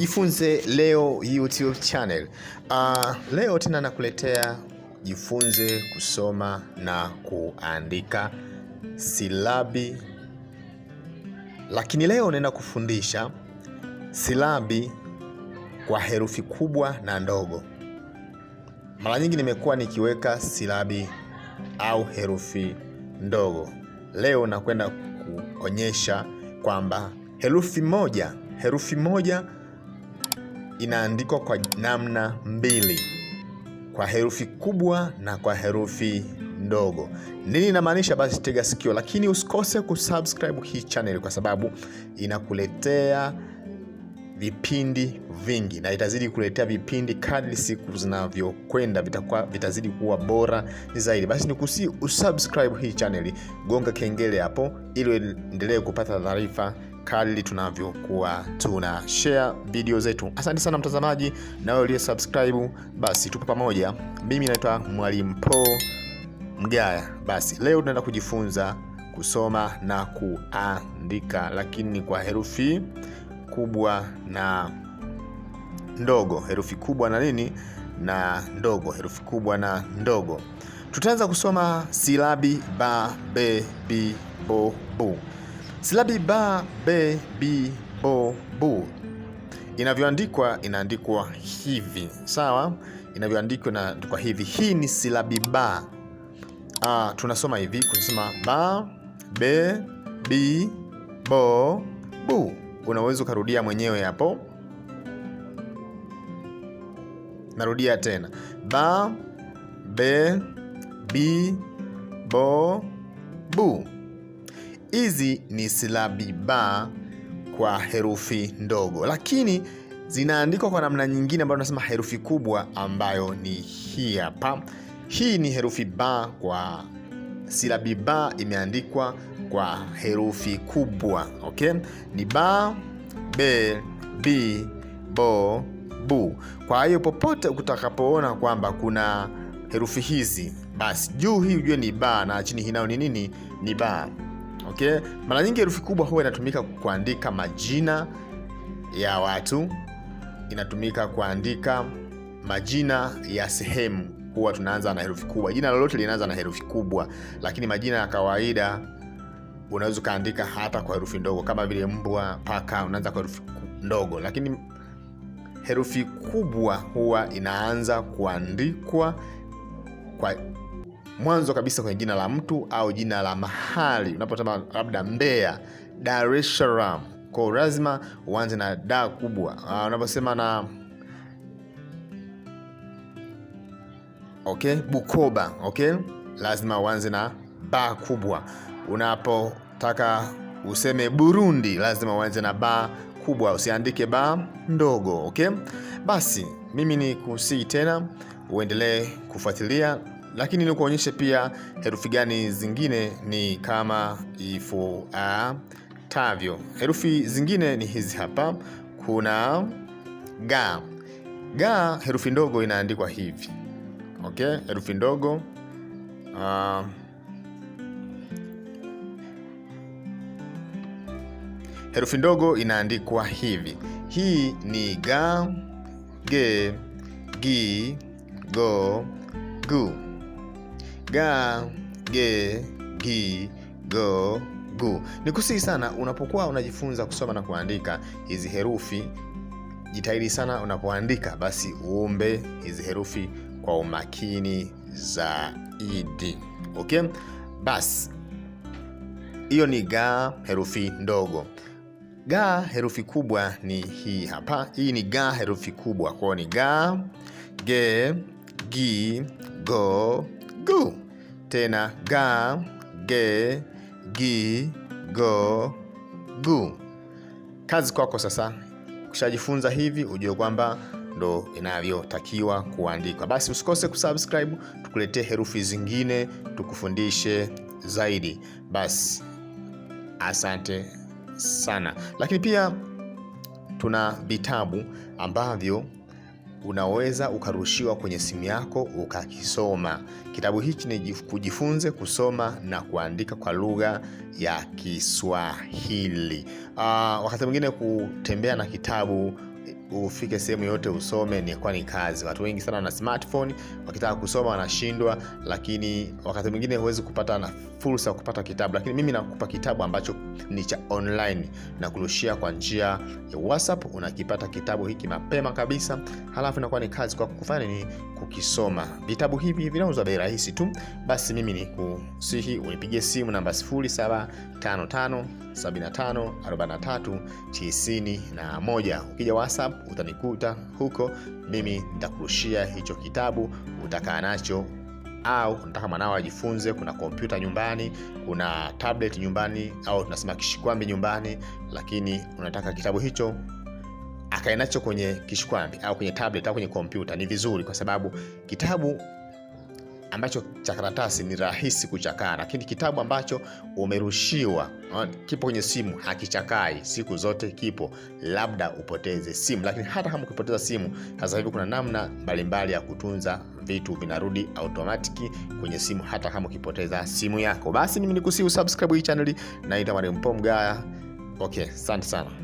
Jifunze leo YouTube channel. Uh, leo tena nakuletea jifunze kusoma na kuandika silabi, lakini leo naenda kufundisha silabi kwa herufi kubwa na ndogo. Mara nyingi nimekuwa nikiweka silabi au herufi ndogo. Leo nakwenda kuonyesha kwamba herufi moja herufi moja inaandikwa kwa namna mbili, kwa herufi kubwa na kwa herufi ndogo. Nini inamaanisha? Basi tega sikio, lakini usikose kusubscribe hii channel kwa sababu inakuletea vipindi vingi na itazidi kuletea vipindi kadri siku zinavyokwenda, vitakuwa vitazidi kuwa bora zaidi. Basi nikusi usubscribe hii channel, gonga kengele hapo ili uendelee kupata taarifa kadri tunavyokuwa tuna share video zetu. Asante sana mtazamaji, na wewe uliye subscribe, basi tupo pamoja. Mimi naitwa Mwalimu Paul Mgaya. Basi leo tunaenda kujifunza kusoma na kuandika, lakini kwa herufi kubwa na ndogo. Herufi kubwa na nini na ndogo, herufi kubwa na ndogo. Tutaanza kusoma silabi ba be bi bo bu. Silabi ba be bi bo bu inavyoandikwa inaandikwa hivi, sawa? Inavyoandikwa inaandikwa hivi. Hii ni silabi ba. Ah, tunasoma hivi kusema ba be bi bo bu. Unaweza ukarudia mwenyewe hapo. Narudia tena ba be bi bo bu hizi ni silabi ba kwa herufi ndogo, lakini zinaandikwa kwa namna nyingine ambayo tunasema herufi kubwa, ambayo ni hii hapa. Hii ni herufi ba kwa silabi ba, imeandikwa kwa herufi kubwa. Okay, ni ba be bi bo bu. Kwa hiyo popote utakapoona kwamba kuna herufi hizi, basi juu hii ujue ni ba na chini hii nayo ni nini? Ni ba okay? Mara nyingi herufi kubwa huwa inatumika kuandika majina ya watu, inatumika kuandika majina ya sehemu, huwa tunaanza na herufi kubwa. Jina lolote linaanza na herufi kubwa, lakini majina ya kawaida unaweza ukaandika hata kwa herufi ndogo, kama vile mbwa, paka, unaanza kwa herufi ndogo, lakini herufi kubwa huwa inaanza kuandikwa kwa mwanzo kabisa kwenye jina la mtu au jina la mahali. Unapotama labda Mbeya, Dar es Salaam, kwa lazima uanze na da kubwa. Uh, unaposema na okay, Bukoba okay, lazima uanze na ba kubwa. Unapotaka useme Burundi, lazima uanze na ba kubwa, usiandike ba ndogo okay. Basi mimi ni kusii tena uendelee kufuatilia lakini nikuonyeshe pia herufi gani zingine ni kama ifuatavyo. Herufi zingine ni hizi hapa, kuna ga ga, herufi ndogo inaandikwa hivi okay, herufi ndogo uh, herufi ndogo inaandikwa hivi. Hii ni ga, ge, gi, go, gu ga, ge, gi, go, gu. Ni kusihi sana unapokuwa unajifunza kusoma na kuandika hizi herufi, jitahidi sana unapoandika basi uombe hizi herufi kwa umakini zaidi. Okay, basi hiyo ni ga herufi ndogo. Ga herufi kubwa ni hii hapa. Hii ni ga herufi kubwa, kwao ni ga, ge, gi, go, gu. Tena ga, ge, gi, go, gu. Kazi kwako sasa, ukishajifunza hivi ujue kwamba ndo inavyotakiwa kuandikwa. Basi usikose kusubscribe, tukuletee herufi zingine, tukufundishe zaidi. Basi asante sana, lakini pia tuna vitabu ambavyo unaweza ukarushiwa kwenye simu yako ukakisoma. Kitabu hichi ni Kujifunze Kusoma na Kuandika kwa Lugha ya Kiswahili. Uh, wakati mwingine kutembea na kitabu ufike sehemu yote usome ni kwa ni kazi. Watu wengi sana wana smartphone, wakitaka kusoma wanashindwa, lakini wakati mwingine huwezi kupata na fursa ya kupata kitabu, lakini mimi nakupa kitabu ambacho ni cha online na kurushia kwa njia ya WhatsApp. Unakipata kitabu hiki mapema kabisa, halafu inakuwa ni kazi kwa kufanya ni kukisoma. Vitabu hivi vinauzwa bei rahisi tu. Basi mimi ni kusihi unipigie simu namba 0755 0755754391 ukija WhatsApp utanikuta huko, mimi nitakurushia hicho kitabu, utakaa nacho au unataka mwanao ajifunze. Kuna kompyuta nyumbani, kuna tablet nyumbani, au tunasema kishikwambi nyumbani, lakini unataka kitabu hicho akae nacho kwenye kishikwambi au kwenye tablet au kwenye kompyuta, ni vizuri kwa sababu kitabu ambacho cha karatasi ni rahisi kuchakaa, lakini kitabu ambacho umerushiwa kipo kwenye simu hakichakai siku zote, kipo labda upoteze simu. Lakini hata kama ukipoteza simu, sasa hivi kuna namna mbalimbali ya kutunza vitu, vinarudi automatiki kwenye simu hata kama ukipoteza simu yako. Basi mimi nikusihi usubscribe hii channel na Mwalimu Okay, asante sana.